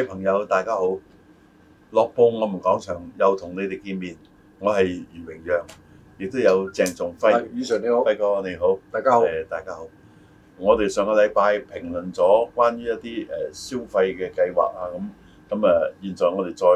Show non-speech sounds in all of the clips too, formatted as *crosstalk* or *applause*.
各位朋友，大家好！樂報我們講場又同你哋見面，我係余榮陽，亦都有鄭仲輝。啊、以常你好，輝哥你好，大家好。大家好！我哋上個禮拜評論咗關於一啲誒消費嘅計劃啊，咁咁啊，現在我哋再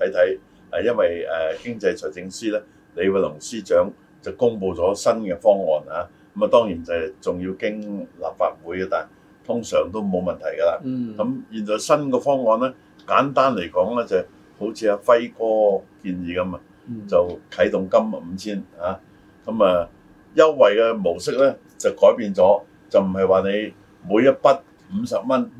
睇睇誒，因為誒、啊、經濟財政司咧，李偉龍司長就公布咗新嘅方案啊，咁啊，當然就係仲要經立法會嘅，但通常都冇問題㗎啦。咁、嗯、現在新嘅方案咧，簡單嚟講咧就係好似阿輝哥建議咁啊，就啟動金五千啊。咁啊優惠嘅模式咧就改變咗，就唔係話你每一筆五十蚊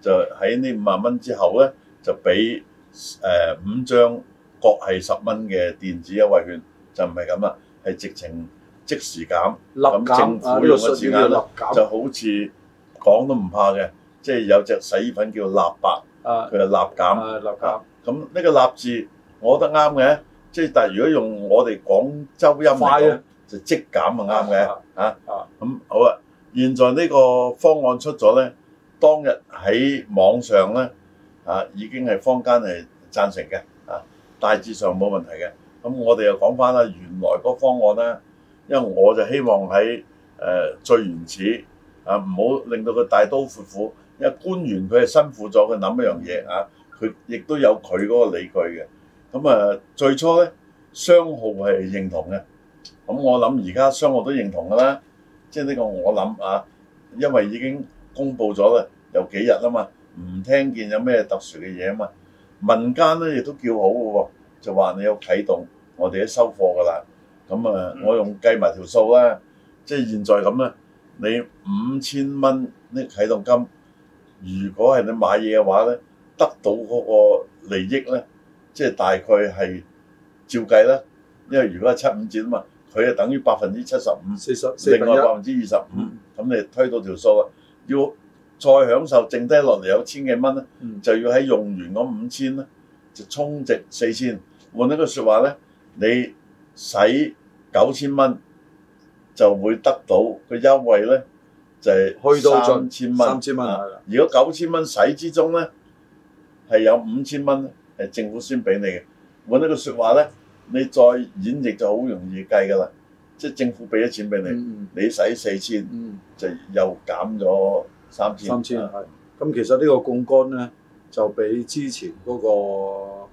就喺呢五萬蚊之後咧就俾誒五張各係十蚊嘅電子優惠券，就唔係咁啊，係直情即時減咁岡政府用嘅時間岡就好似。講都唔怕嘅，即係有隻洗衣粉叫立白，佢係立減，立減、咁呢、啊、個立字我覺得啱嘅，即係但係如果用我哋廣州音讀、啊、就即減就啱嘅，吓，咁好啦。現在呢個方案出咗咧，當日喺網上咧啊已經係坊間係贊成嘅，啊大致上冇問題嘅。咁我哋又講翻啦，原來個方案咧，因為我就希望喺誒、呃、最原始。啊！唔好令到佢大刀闊斧，因為官員佢係辛苦咗，佢諗一樣嘢啊，佢亦都有佢嗰個理據嘅。咁啊，最初咧商號係認同嘅，咁啊，我諗而家商號都認同㗎啦，即係呢個我諗啊，因為已經公布咗啦，有幾日啦嘛，唔聽見有咩特殊嘅嘢啊嘛，民間咧亦都叫好嘅喎，就話你有啟動，我哋都收貨㗎啦。咁啊，嗯，我用計埋條數啦，即係現在咁啦。你五千蚊呢啟動金，如果係你買嘢嘅話咧，得到嗰個利益咧，即係大概係照計啦。因為如果係七五折啊嘛，佢就等於百分之七十五、四十，另外百分之二十五，咁你推到條數啊，要再享受剩低落嚟有千幾蚊咧，就要喺用完嗰五千咧，就充值四千。換一個說話咧，你使九千蚊。就會得到個優惠咧，就係、是、去到三千蚊。三千蚊係啦。如果九千蚊使之中咧，係、嗯、有五千蚊，係政府先俾你嘅。換一個說話咧，你再演繹就好容易計㗎啦。即係政府俾咗錢俾你，嗯、你使四千，嗯、就又減咗三千。三千咁、啊、其實個槓桿呢個槓桿咧，就比之前嗰個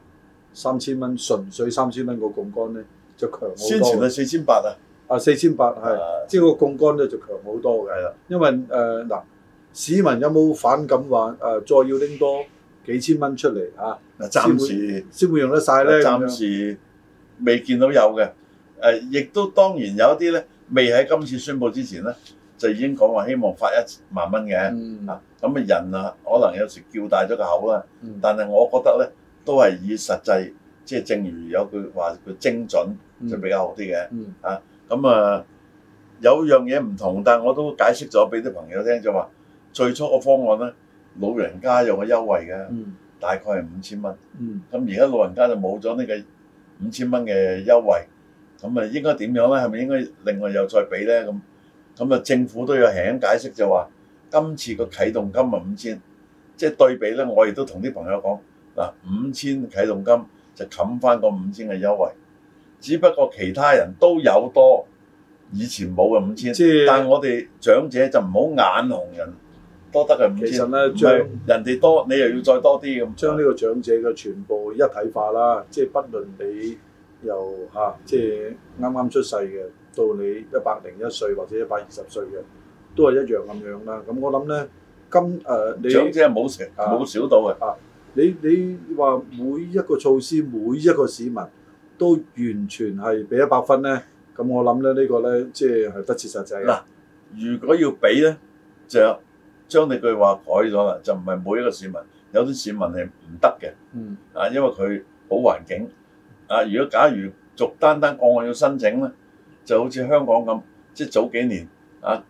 三千蚊純粹三千蚊個槓桿咧，就強好多。先前係四千八啊！啊，四千八係，即、這、係個槓桿咧就強好多嘅，係啦。因為誒嗱、呃，市民有冇反感話誒、呃、再要拎多幾千蚊出嚟啊？嗱時，暫時先會用得晒咧。暫時未見到有嘅。誒、呃，亦都當然有一啲咧，未喺今次宣布之前咧，就已經講話希望發一萬蚊嘅。啊、嗯，咁啊，人啊，可能有時叫大咗個口啦。嗯、但係我覺得咧，都係以實際，即係正如有句話叫精準，就比較好啲嘅。啊、嗯。嗯咁啊，有樣嘢唔同，但係我都解釋咗俾啲朋友聽，就話最初個方案咧，老人家有個優惠嘅，嗯、大概係五千蚊。咁而家老人家就冇咗呢個五千蚊嘅優惠，咁啊應該點樣咧？係咪應該另外又再俾咧？咁咁啊政府都要輕輕解釋，就話今次個啟動金係五千，即係對比咧，我亦都同啲朋友講嗱，五千啟動金就冚翻個五千嘅優惠。只不過其他人都有多，以前冇嘅五千，即係但係我哋長者就唔好眼紅人，多得係五千。其實咧，長人哋多，嗯、你又要再多啲咁，將呢個長者嘅全部一體化啦，嗯、即係不論你又嚇、啊，即係啱啱出世嘅，到你一百零一歲或者一百二十歲嘅，都係一樣咁樣啦。咁我諗咧，今誒你長者冇少冇少到嘅。啊，你你話每一個措施，每一個市民。都完全係俾一百分呢。咁我諗咧呢、呢個呢，即係係不切實際嘅。嗱，如果要俾呢，就將你句話改咗啦，就唔係每一個市民，有啲市民係唔得嘅。嗯、啊，因為佢好環境啊，如果假如逐單單個案要申請呢，就好似香港咁，即係早幾年啊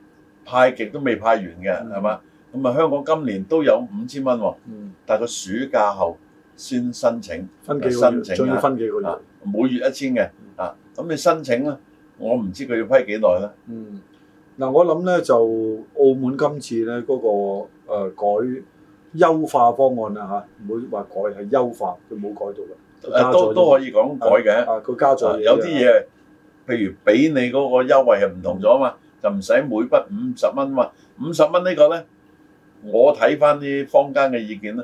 派極都未派完嘅，係嘛、嗯？咁啊，香港今年都有五千蚊喎。嗯、啊。但個暑假後。先申請，分幾個月，申請要分幾個月，啊、每月一千嘅、嗯啊嗯，啊，咁你申請咧，我唔知佢要批幾耐咧。嗯，嗱，我諗咧就澳門今次咧、那、嗰個、呃、改優化方案啊，嚇，唔會話改係優化，佢冇改到嘅，誒、啊、都都可以講改嘅，佢、啊啊、加咗、啊，有啲嘢、啊、譬如俾你嗰個優惠係唔同咗啊嘛，就唔使每筆五十蚊啊嘛，五十蚊呢個咧，我睇翻啲坊間嘅意見啦。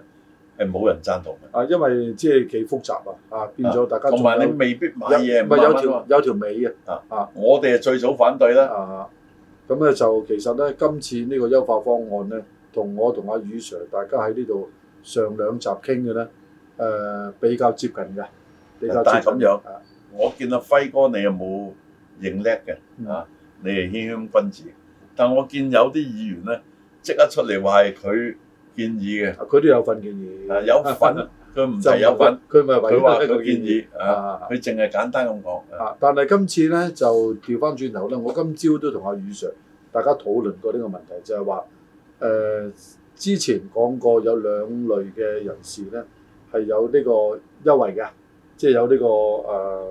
誒，冇人贊同嘅，啊，因為即係幾複雜啊，啊，變咗大家同埋、啊、你未必買嘢唔買有條有條尾啊，啊，我哋係最早反對啦，啊，咁咧就其實咧今次呢個優化方案咧，同我同阿雨 Sir 大家喺呢度上兩集傾嘅咧，誒、啊、比較接近嘅，比較咁近的樣啊，我見阿輝哥你又冇認叻嘅，啊、嗯，你係輕輕君子的，但我見有啲議員咧即刻出嚟話係佢。建議嘅，佢都有份建議。啊，有份，佢唔係有份。佢咪話呢個建議啊？佢淨係簡單咁講。啊，但係今次咧就調翻轉頭咧，我今朝都同阿雨 Sir 大家討論過呢個問題，就係話，誒，之前講過有兩類嘅人士咧係有呢個優惠嘅，即係有呢個，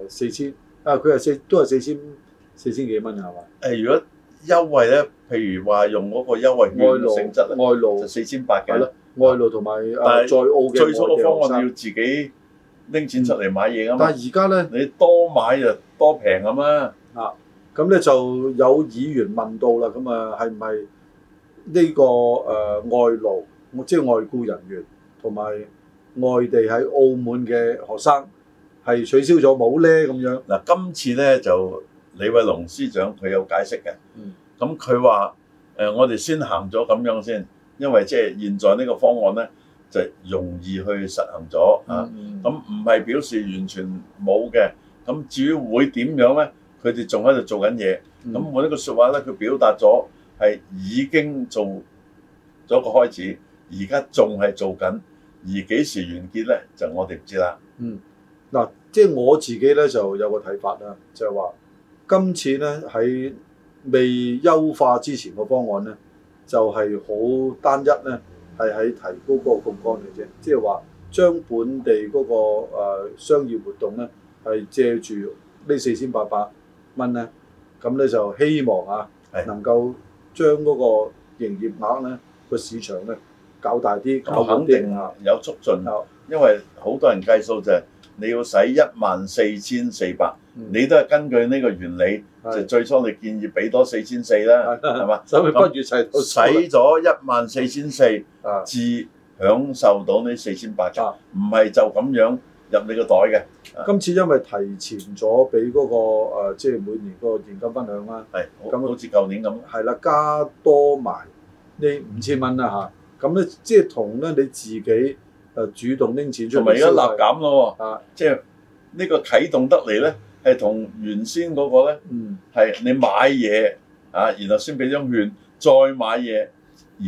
誒，四千啊，佢係四都係四千四千幾蚊啊嘛。誒，如果優惠咧，譬如話用嗰個優惠券嘅性質，就四千八嘅。係外勞同埋在澳嘅，最初嘅方案要自己拎錢出嚟買嘢啊、嗯。但係而家咧，你多買就多平啊嘛。啊，咁咧就有議員問到啦，咁啊係唔係呢個誒外勞，即係外雇人員同埋外地喺澳門嘅學生，係取消咗冇咧咁樣？嗱、啊，今次咧就。李慧龍司長佢有解釋嘅，咁佢話誒，我哋先行咗咁樣先，因為即係現在呢個方案呢，就容易去實行咗、嗯嗯、啊，咁唔係表示完全冇嘅，咁至於會點樣呢？佢哋仲喺度做緊嘢，咁、嗯、我呢個説話呢，佢表達咗係已經做咗個開始，而家仲係做緊，而幾時完結呢？就我哋唔知啦。嗯，嗱、啊，即係我自己呢，就有個睇法啦，就係、是、話。今次咧，喺未優化之前嘅方案咧，就係、是、好單一咧，係喺提高個個槓桿啫。即係話將本地嗰個誒商業活動咧，係借住呢四千八百蚊咧，咁咧就希望啊能夠將嗰個營業額咧、個市場咧搞大啲。肯定呀，有促進。的因為好多人計數就係、是、你要使一萬四千四百。你都係根據呢個原理，就最初你建議俾多四千四啦，係嘛？所以不如使使咗一萬四千四至享受到呢四千八，唔係就咁樣入你個袋嘅。今次因為提前咗俾嗰個誒，即係每年個現金分享啦，係咁，好似舊年咁，係啦，加多埋呢五千蚊啦吓，咁、啊、咧，即係同咧你自己誒主動拎錢出嚟，同埋而家立減咯喎，即係呢個啟動得嚟咧。係同原先嗰個咧，係你買嘢啊，然後先俾張券，再買嘢，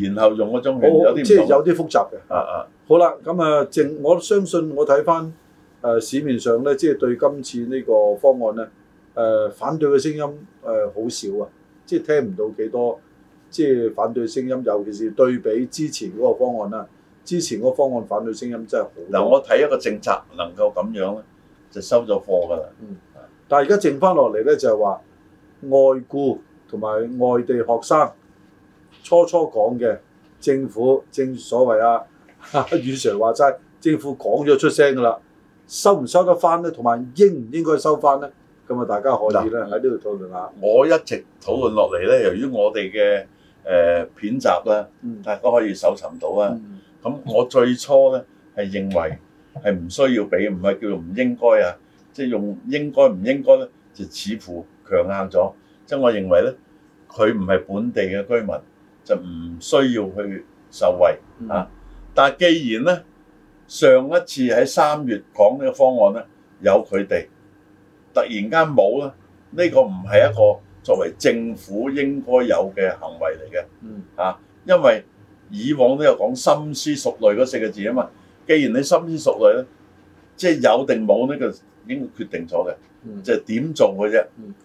然後用嗰張券，好有啲有啲複雜嘅。啊啊，好啦，咁啊，政我相信我睇翻誒市面上咧，即係對今次呢個方案咧，誒、呃、反對嘅聲音誒好、呃、少啊，即係聽唔到幾多即係反對聲音。尤其是對比之前嗰個方案啦，之前嗰個方案反對聲音真係好。嗱，我睇一個政策能夠咁樣咧，就收咗貨㗎啦。嗯。但係而家剩翻落嚟咧，就係話外傭同埋外地學生，初初講嘅政府正所謂啊，宇 Sir 話齋，政府講咗出聲㗎啦，收唔收得翻咧？同埋應唔應該收翻咧？咁啊，大家可以咧喺呢度討論下。我一直討論落嚟咧，由於我哋嘅誒片集咧，大家可以搜尋到啊。咁 *laughs* 我最初咧係認為係唔需要俾，唔係叫做唔應該啊。即係用應該唔應該咧，就似乎強硬咗。即係我認為咧，佢唔係本地嘅居民，就唔需要去受惠、嗯、啊。但既然咧，上一次喺三月講呢個方案咧，有佢哋，突然間冇呢，呢、呢個唔係一個作為政府應該有嘅行為嚟嘅。嗯啊，因為以往都有講深思熟慮嗰四個字啊嘛。既然你深思熟慮咧，即係有定冇呢個已經決定咗嘅，即係點做嘅啫。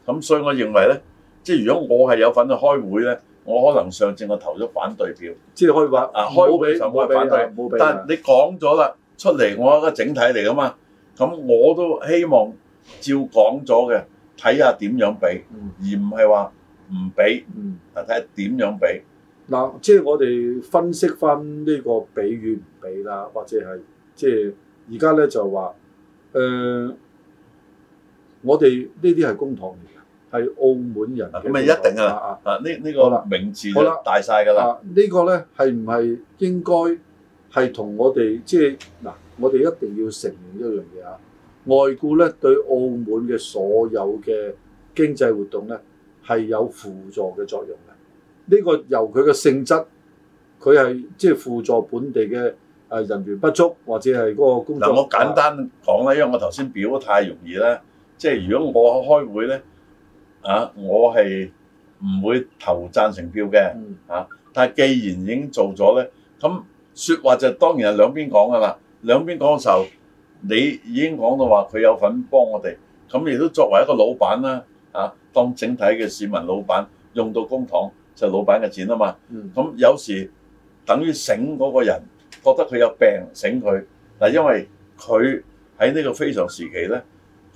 咁、嗯、所以我認為咧，即係如果我係有份去開會咧，我可能上次我投咗反對票。即係、啊、開會啊，冇俾就冇係反對，冇俾。但係你講咗啦，出嚟我係一個整體嚟㗎嘛。咁我都希望照講咗嘅，睇下點樣俾，嗯、而唔係話唔俾。啊、嗯，睇下點樣俾嗱、嗯，即係我哋分析翻呢個俾與唔俾啦，或者係即係。而家咧就話，誒、呃，我哋呢啲係公堂嚟嘅，係澳門人嘅，咁咪、啊、一定啊！啊，呢呢個名字好啦，大晒㗎啦！呢個咧係唔係應該係同我哋即係嗱，我哋一定要承認一樣嘢啊，外僱咧對澳門嘅所有嘅經濟活動咧係有輔助嘅作用嘅。呢、呢個由佢嘅性質，佢係即係輔助本地嘅。誒人員不足或者係嗰個工作，我簡單講啦，因為我頭先表得太容易啦，即係如果我開會咧，啊，我係唔會投贊成票嘅，嚇、啊。但係既然已經做咗咧，咁説話就當然係兩邊講噶啦，兩邊講嘅時候，你已經講到話佢有份幫我哋，咁亦都作為一個老闆啦，啊，當整體嘅市民老闆用到公帑就係老闆嘅錢啊嘛，咁有時等於醒嗰個人。覺得佢有病醒佢嗱，但因為佢喺呢個非常時期咧，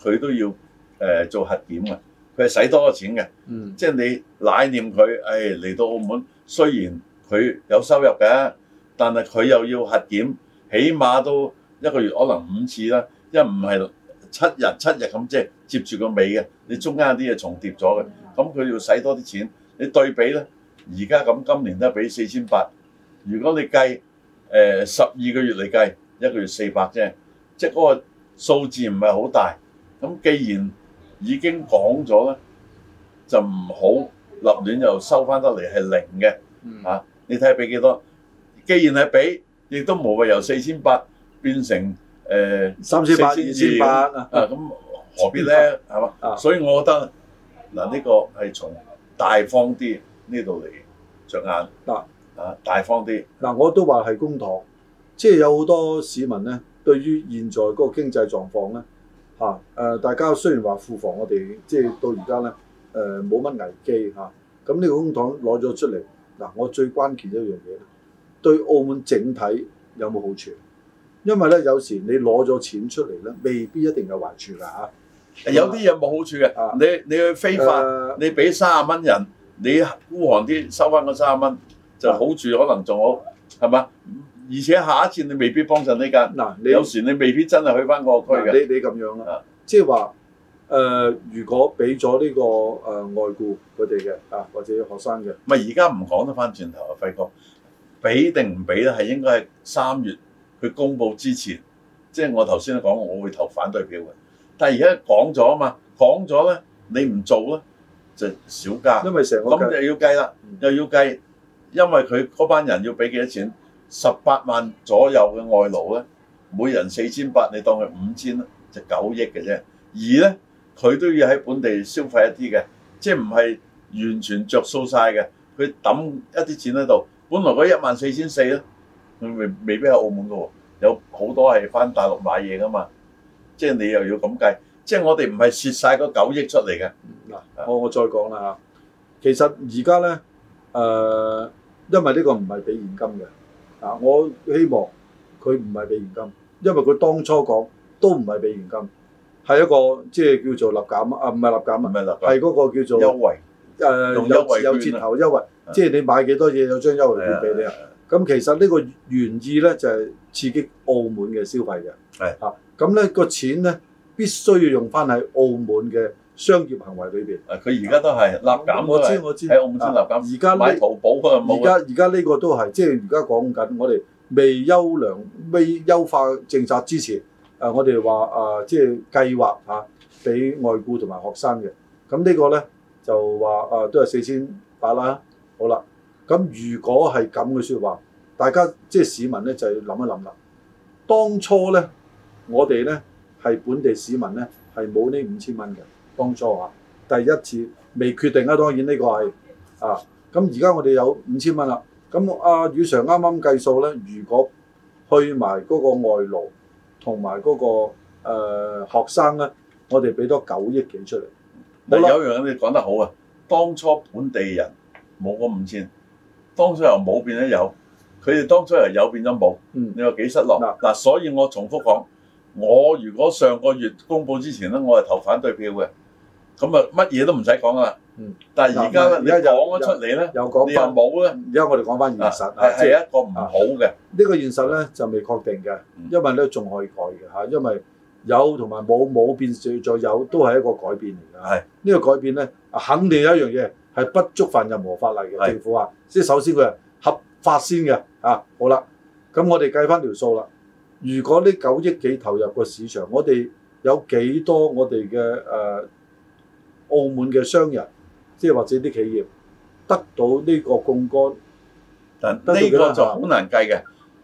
佢都要誒、呃、做核檢嘅，佢係使多錢嘅。嗯，即係你奶念佢，誒、哎、嚟到澳門，雖然佢有收入嘅，但係佢又要核檢，起碼都一個月可能五次啦。因為唔係七日七日咁，即係接住個尾嘅，你中間有啲嘢重疊咗嘅，咁佢要使多啲錢。你對比咧，而家咁今年都係俾四千八，如果你計，誒十二個月嚟計，一個月四百啫，即係嗰個數字唔係好大。咁既然已經講咗咧，就唔好立亂又收翻得嚟係零嘅。嗯、啊，你睇下俾幾多？既然係俾，亦都無謂由四千八變成誒三千八二千八啊，咁何必咧？係嘛？所以我覺得嗱，呢、這個係從大方啲呢度嚟着眼、啊啊，大方啲嗱、啊，我都話係公帑，即係有好多市民咧，對於現在嗰個經濟狀況咧，嚇、啊、誒、呃，大家雖然話庫房我，我哋即係到而家咧，誒冇乜危機嚇，咁、啊、呢個公帑攞咗出嚟，嗱、啊，我最關鍵一樣嘢，對澳門整體有冇好處？因為咧，有時你攞咗錢出嚟咧，未必一定有壞處㗎嚇。啊啊、有啲嘢冇好處嘅，啊、你你去非法，啊、你俾卅蚊人，你孤寒啲收翻嗰卅蚊。就好處，可能仲好，係嘛、啊？而且下一次你未必幫襯呢間。嗱、啊，你有時你未必真係去翻個區嘅、啊。你你咁樣啊？啊即係話誒，如果俾咗呢個誒外僱佢哋嘅啊，或者學生嘅。唔係，而家唔講得翻轉頭啊，輝哥。俾定唔俾咧，係應該係三月佢公佈之前，即、就、係、是、我頭先都講，我會投反對票嘅。但係而家講咗啊嘛，講咗咧，你唔做咧，就少加。因為成咁就要計啦，又、嗯、要計。因為佢嗰班人要俾幾多錢？十八萬左右嘅外勞咧，每人四千八，你當佢五千啦，就九億嘅啫。而咧，佢都要喺本地消費一啲嘅，即係唔係完全著數曬嘅。佢抌一啲錢喺度，本來嗰一萬四千四咧，佢未未必喺澳門噶喎，有好多係翻大陸買嘢噶嘛。即係你又要咁計，即係我哋唔係蝕曬嗰九億出嚟嘅。嗱，我我再講啦嚇，其實而家咧，誒。因為呢個唔係俾現金嘅，啊！我希望佢唔係俾現金，因為佢當初講都唔係俾現金，係一個即係叫做立減啊，唔係立減啊，係嗰個叫做優惠，誒、啊、有優有折頭優惠，即係的你買幾多嘢有張優惠券俾你啊。咁其實呢個原意咧就係、是、刺激澳門嘅消費嘅，係的啊，咁咧、呢個錢咧必須要用翻喺澳門嘅。商業行為裏邊，誒佢而家都係立減、啊是，我知，喺五千立減，而家、啊、買淘寶嗰個冇。而家而家呢個都係即係而家講緊，我哋未優良、未優化政策之前，誒我哋話誒即係計劃嚇俾、啊、外僱同埋學生嘅。咁呢個咧就話誒、啊、都係四千八啦。好啦，咁如果係咁嘅説話，大家即係、就是、市民咧就要諗一諗啦。當初咧，我哋咧係本地市民咧係冇呢五千蚊嘅。當初啊，第一次未決定啊。當然呢個係啊，咁而家我哋有五千蚊啦。咁阿宇常啱啱計數咧，如果去埋嗰個外勞同埋嗰個誒、呃、學生咧，我哋俾多九億幾出嚟。有樣嘢你講得好啊！當初本地人冇過五千，當初由冇變咗有，佢哋當初由有變咗冇，你話幾失落？嗱、啊，所以我重複講，我如果上個月公佈之前咧，我係投反對票嘅。咁啊，乜嘢都唔使講啦。嗯。但係而家講咗出嚟咧，又又你又冇咧。而家我哋講翻現實，係一個唔好嘅。呢個現實咧就未確定嘅，因為咧仲可以改嘅。因為有同埋冇，冇變再有都係一個改變嚟㗎。呢的個改變咧，肯定有一樣嘢係不觸犯任何法例嘅的政府啊，即首先佢係合法先嘅。啊，好啦，咁我哋計翻條數啦。如果呢九億幾投入個市場，我哋有幾多我哋嘅誒？呃澳門嘅商人，即係或者啲企業得到呢個槓桿，但呢個就好難計嘅。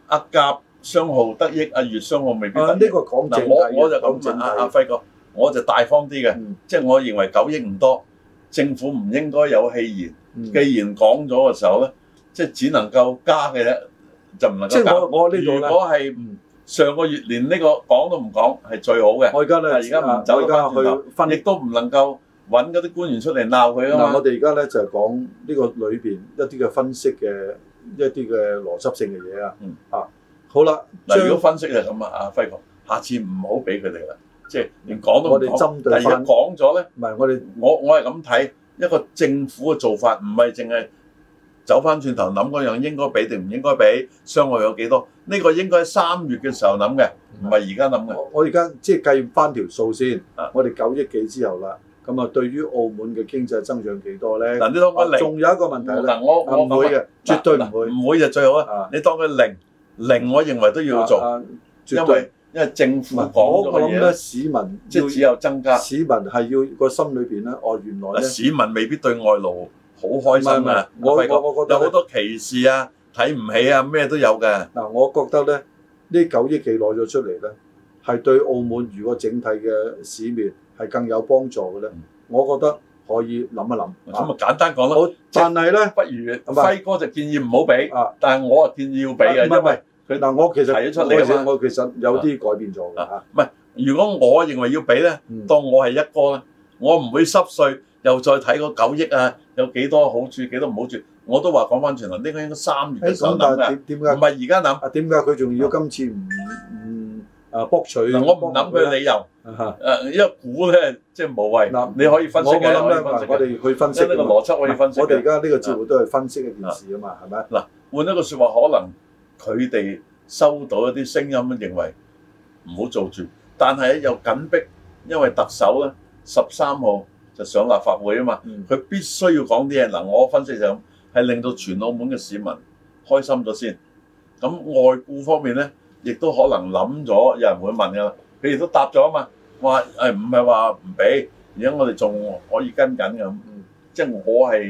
阿甲商號得益，阿月商號未必得益。啊，呢個講正。我我就咁正。阿阿輝哥，我就大方啲嘅，即係我認為九億唔多，政府唔應該有戲言。既然講咗嘅時候咧，即係只能夠加嘅啫，就唔能夠。即係我我呢度咧，如果係唔上個月連呢個講都唔講，係最好嘅。我而家咧，而家唔走，而家去亦都唔能夠。搵嗰啲官員出嚟鬧佢啊！我哋而家咧就係、是、講呢個裏邊一啲嘅分析嘅一啲嘅邏輯性嘅嘢啊！嗯、啊，好啦，嗱將，如果分析就咁啊，阿輝哥，下次唔好俾佢哋啦，即係連講都講。我哋針對翻。但係講咗咧，唔係我哋，我我係咁睇一個政府嘅做法，唔係淨係走翻轉頭諗嗰樣應該俾定唔應該俾，傷害有幾多？呢、這個應該喺三月嘅時候諗嘅，唔係而家諗嘅。我而家即係計翻條數先，啊、我哋九億幾之後啦。咁啊，對於澳門嘅經濟增長幾多咧？嗱，你當我零，仲有一個問題唔會嘅，絕對唔會，唔會就最好啊！你當佢零，零我認為都要做，絕對，因為因為政府嗰個講咧，市民即係只有增加，市民係要個心裏邊咧，哦原來市民未必對外勞好開心啊！我我我覺得有好多歧視啊，睇唔起啊，咩都有嘅。嗱，我覺得咧，呢九億幾攞咗出嚟咧，係對澳門如果整體嘅市面。係更有幫助嘅咧，我覺得可以諗一諗。咁啊簡單講啦，但係咧不如輝哥就建議唔好俾啊。但係我啊建議要俾嘅，因為佢但係我其實提咗出嚟嘅。我其實有啲改變咗嘅嚇。唔係，如果我認為要俾咧，當我係一哥咧，我唔會濕碎，又再睇個九億啊，有幾多好處，幾多唔好處。我都話講返轉頭，呢個應該三月嘅時候諗嘅。唔係而家諗啊？點解佢仲要今次唔？啊，剝除嗱，我諗佢理由嚇，誒，啊啊、因為估咧即係無謂嗱，啊、你可以分析我呢分析我諗咧，我哋去分析嘛，依個邏輯可以分析。我哋而家呢個節目都係分析一件事啊嘛，係咪？啊？嗱吧，換一個説話，可能佢哋收到一啲聲音，認為唔好做住，但係又緊迫，因為特首咧十三號就上立法會啊嘛，佢、嗯、必須要講啲嘢。嗱、啊，我分析就係咁，係令到全澳門嘅市民開心咗先。咁外顧方面咧。亦都可能諗咗，有人會問㗎喇。譬如都答咗啊嘛，話誒唔係話唔俾，而、哎、家我哋仲可以跟緊嘅，即、嗯、係、就是、我係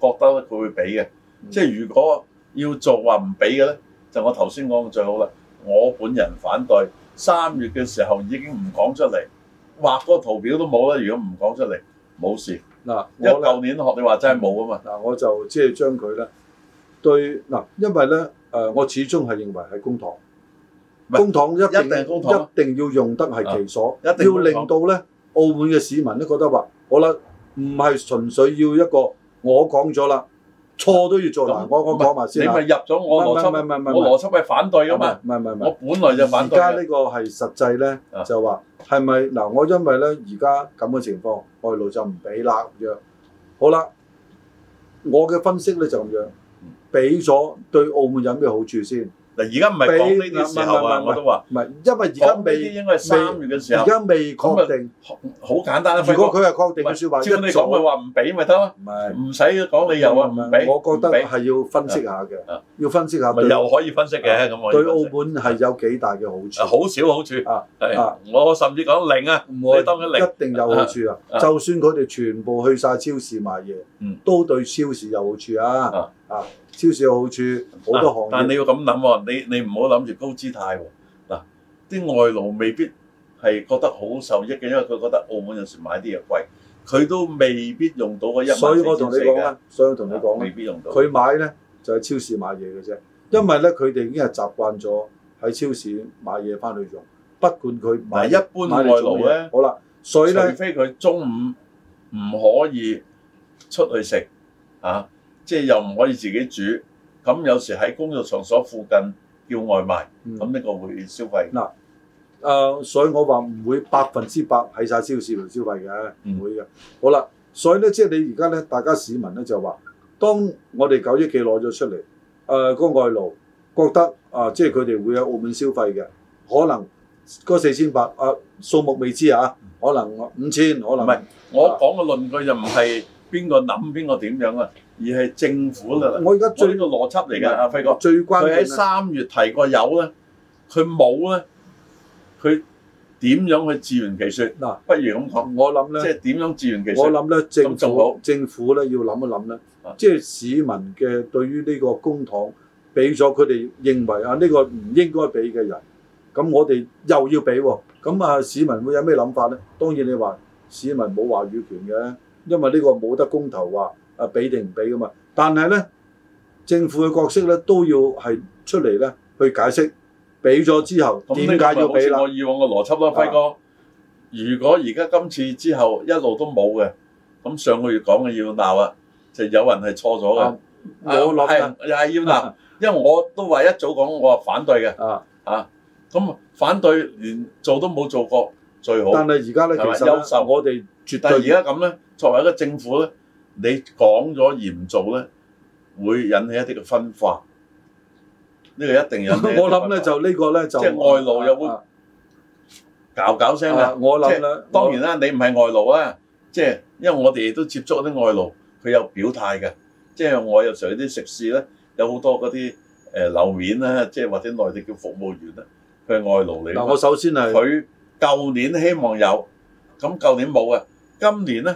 覺得佢會俾嘅。嗯、即係如果要做話唔俾嘅咧，就我頭先講嘅最好啦。我本人反對三月嘅時候已經唔講出嚟，畫個圖表都冇啦。如果唔講出嚟冇事嗱，我舊年學你話真係冇啊嘛嗱，我就即係將佢咧對嗱，因為咧誒我始終係認為係公堂。公帑一定一定要用得係其所，一定要令到咧澳門嘅市民都覺得話：好啦，唔係純粹要一個，我講咗啦，錯都要做嗱。我我講埋先，你咪入咗我邏輯，我邏輯係反對啊嘛。唔係唔係唔係，我本來就反對。而家呢個係實際咧，就話係咪嗱？我因為咧而家咁嘅情況，外勞就唔俾啦咁樣。好啦，我嘅分析咧就咁樣，俾咗對澳門有咩好處先？而家唔係講呢啲時候啊，我都話唔係，因為而家未，應該係三月嘅時候。而家未確定，好簡單。如果佢係確定嘅説話，你講咪話唔俾咪得咯，唔使講理由啊。我覺得係要分析下嘅，要分析下。咪。又可以分析嘅，咁我對澳門係有幾大嘅好處？好少好處啊！啊，我甚至講零啊，唔可以當佢零。一定有好處啊！就算佢哋全部去晒超市買嘢，都對超市有好處啊！啊！超市有好處，好、啊、多行業。但你要咁諗喎，你你唔好諗住高姿態喎、啊。嗱、啊，啲外勞未必係覺得好受益嘅，因為佢覺得澳門有時買啲嘢貴，佢都未必用到嗰一。所以我同你講啦，所以同你講、啊、未必用到佢買咧，就係、是、超市買嘢嘅啫。因為咧，佢哋、嗯、已經係習慣咗喺超市買嘢翻去用，不管佢唔買一般外勞呢買外做咩。好啦，所以呢除非佢中午唔可以出去食啊。即係又唔可以自己煮，咁有時喺工作場所附近叫外賣，咁呢、嗯、個會消費嗱、嗯呃。所以我話唔會百分之百喺晒超市度消費嘅，唔會嘅。嗯、好啦，所以咧，即係你而家咧，大家市民咧就話，當我哋九億幾攞咗出嚟，誒、呃，嗰外勞覺得啊、呃，即係佢哋會喺澳門消費嘅，可能嗰四千八啊數目未知啊，可能五千，可能唔係，是呃、我講嘅論據又唔係。邊個諗邊個點樣啊？而係政府啦。我而家最個邏輯嚟㗎，阿輝哥。最關。佢喺三月提過有咧，佢冇咧，佢點樣去自圓其説？嗱、啊，不如咁講。我諗咧，即係點樣自圓其説？我諗咧，政府更更政府咧要諗一諗咧。即係、啊、市民嘅對於呢個公帑，俾咗佢哋認為、哦、啊，呢個唔應該俾嘅人，咁我哋又要俾喎，咁啊市民會有咩諗法咧？當然你話市民冇話語權嘅。因為呢個冇得公投話啊，俾定唔俾噶嘛？但係咧，政府嘅角色咧都要係出嚟咧去解釋，俾咗之後點解要俾？我以往嘅邏輯啦，輝哥。啊、如果而家今次之後一路都冇嘅，咁上個月講嘅要鬧啊，就有人係錯咗嘅、啊。我係又係要鬧，啊、因為我都話一早講我話反對嘅。啊咁、啊、反對連做都冇做過最好。但係而家咧，是吧其實有我哋絕對而家咁咧。作為一個政府咧，你講咗而唔做咧，會引起一啲嘅分化。呢個一定有我諗咧，就呢個咧就即係外勞又會搞搞聲嘅。我諗啦，當然啦，你唔係外勞啊，即係因為我哋都接觸啲外勞，佢有表態嘅。即係我有時候啲食肆咧，有好多嗰啲誒樓面啦，即係或者內地叫服務員啦，佢係外勞嚟。我首先係佢舊年希望有咁，舊年冇呀，今年咧，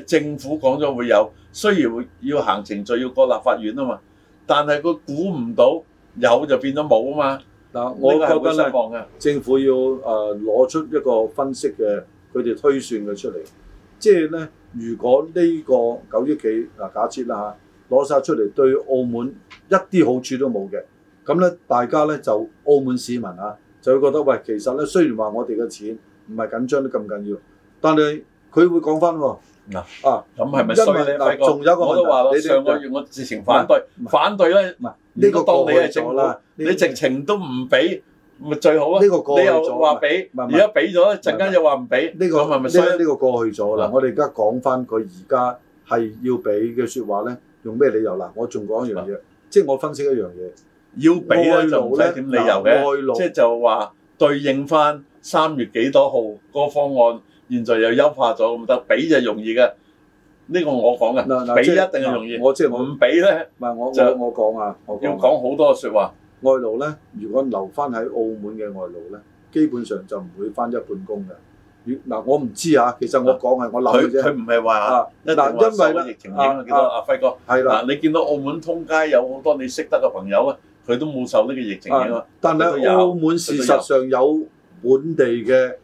政府講咗會有，雖然要行程序要過立法院啊嘛，但係佢估唔到有就變咗冇啊嘛。嗱，我覺得咧，政府要誒攞、呃、出一個分析嘅，佢哋推算佢出嚟，即係咧，如果呢個九億幾，嗱假設啦嚇，攞晒出嚟，對澳門一啲好處都冇嘅，咁咧大家咧就澳門市民啊就會覺得喂，其實咧雖然話我哋嘅錢唔係緊張得咁緊要，但係佢會講翻喎。嗱啊，咁係咪所以你咪個我都話咯，上個月我直情反對，反對咧，唔係呢個當你係正啦。你直情都唔俾，咪最好啊。呢個過咗，你又話俾，而家俾咗，陣間又話唔俾。呢個係咪所以呢個過去咗啦？我哋而家講翻佢而家係要俾嘅説話咧，用咩理由嗱？我仲講一樣嘢，即係我分析一樣嘢，要俾啊，就冇咩理由嘅。即係就話對應翻三月幾多號嗰個方案。現在又優化咗，唔得，俾就容易嘅，呢個我講嘅，俾一定係容易。我即係我唔俾咧，唔係我我我講啊，要講好多説話。外勞咧，如果留翻喺澳門嘅外勞咧，基本上就唔會翻一半工嘅。嗱，我唔知啊。其實我講係我留。佢佢唔係話，嗱，因為疫情點啊？阿輝哥，係啦，你見到澳門通街有好多你識得嘅朋友啊，佢都冇受呢個疫情影響。但係澳門事實上有本地嘅。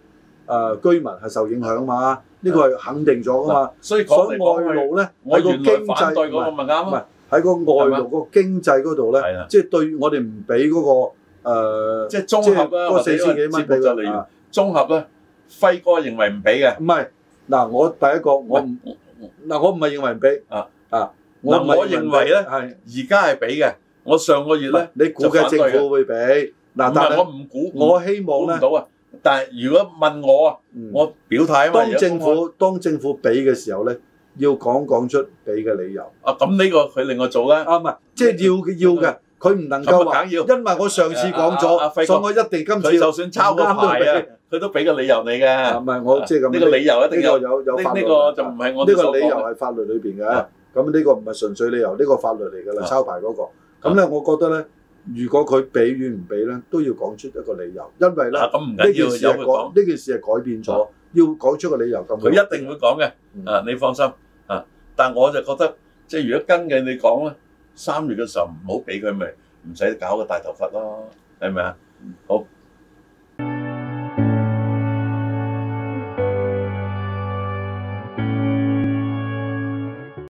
誒居民係受影響嘛？呢個係肯定咗噶嘛？所以講外勞呢，我個經濟對嗰個唔啱，喺個外勞個經濟嗰度咧，即係對我哋唔俾嗰個，即係綜合四千幾蚊俾咗你。綜合咧，輝哥認為唔俾嘅。唔係嗱，我第一個我唔嗱，我唔係認為唔俾啊啊。我我認為咧，係而家係俾嘅。我上個月咧，你估計政府會俾嗱，但我唔估，我希望咧。但係如果問我啊，我表態啊嘛。當政府當政府俾嘅時候咧，要講講出俾嘅理由。啊，咁呢個佢令我做啦。啊，唔係，即係要嘅要嘅，佢唔能夠話，因為我上次講咗，所以我一定今次佢就算抄牌啊，佢都俾個理由你㗎。唔係，我即係咁呢個理由一定有。呢個有有法律。呢個就唔係我。呢個理由係法律裏邊嘅。咁呢個唔係純粹理由，呢個法律嚟㗎啦。抄牌嗰個。咁咧，我覺得咧。如果佢俾與唔俾咧，都要講出一個理由，因為咧呢、啊、唔件事係改呢件事係改變咗，啊、要講出個理由咁。佢一定會講嘅，啊、嗯、你放心啊！但我就覺得，即係如果跟住你講咧，三月嘅時候唔好俾佢咪，唔使搞個大頭佛咯，係咪啊？好。